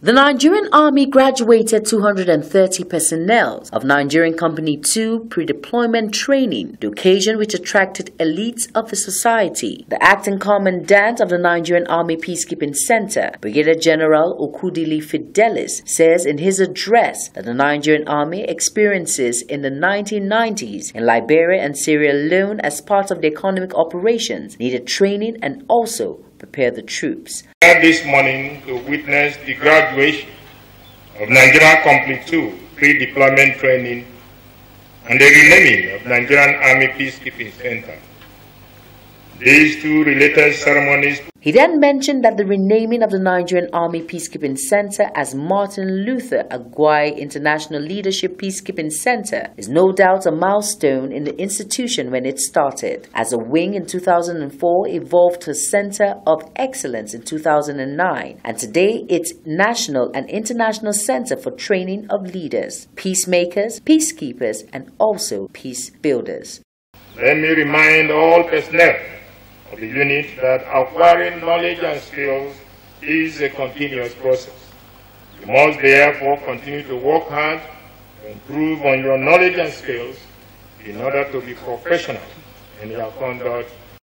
The Nigerian Army graduated 230 personnel of Nigerian Company 2 pre-deployment training, the occasion which attracted elites of the society. The acting commandant of the Nigerian Army Peacekeeping Center, Brigadier General Okudili Fidelis, says in his address that the Nigerian Army experiences in the 1990s in Liberia and Syria alone as part of the economic operations needed training and also prepare the troops. This morning, we witnessed the graduation of Nigerian Company 2 pre-deployment training and the renaming of Nigerian Army Peacekeeping Center. These two related ceremonies. He then mentioned that the renaming of the Nigerian Army Peacekeeping Center as Martin Luther Aguai International Leadership Peacekeeping Center is no doubt a milestone in the institution when it started. As a wing in 2004 evolved to a center of excellence in 2009, and today it's national and international center for training of leaders, peacemakers, peacekeepers, and also peace builders. Let me remind all personnel of the unit that acquiring knowledge and skills is a continuous process. You must therefore continue to work hard to improve on your knowledge and skills in order to be professional in your conduct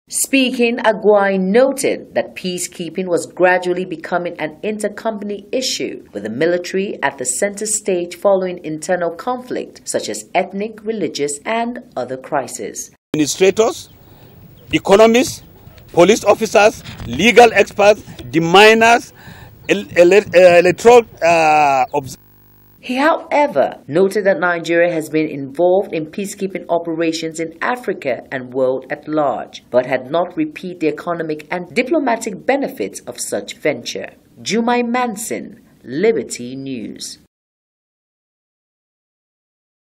Speaking, Aguay noted that peacekeeping was gradually becoming an intercompany issue, with the military at the center stage following internal conflict such as ethnic, religious, and other crises. Administrators, economists, police officers, legal experts, miners, uh, electoral uh, observers. he, however, noted that Nigeria has been involved in peacekeeping operations in Africa and world at large, but had not repeat the economic and diplomatic benefits of such venture. Jumai Manson, Liberty News.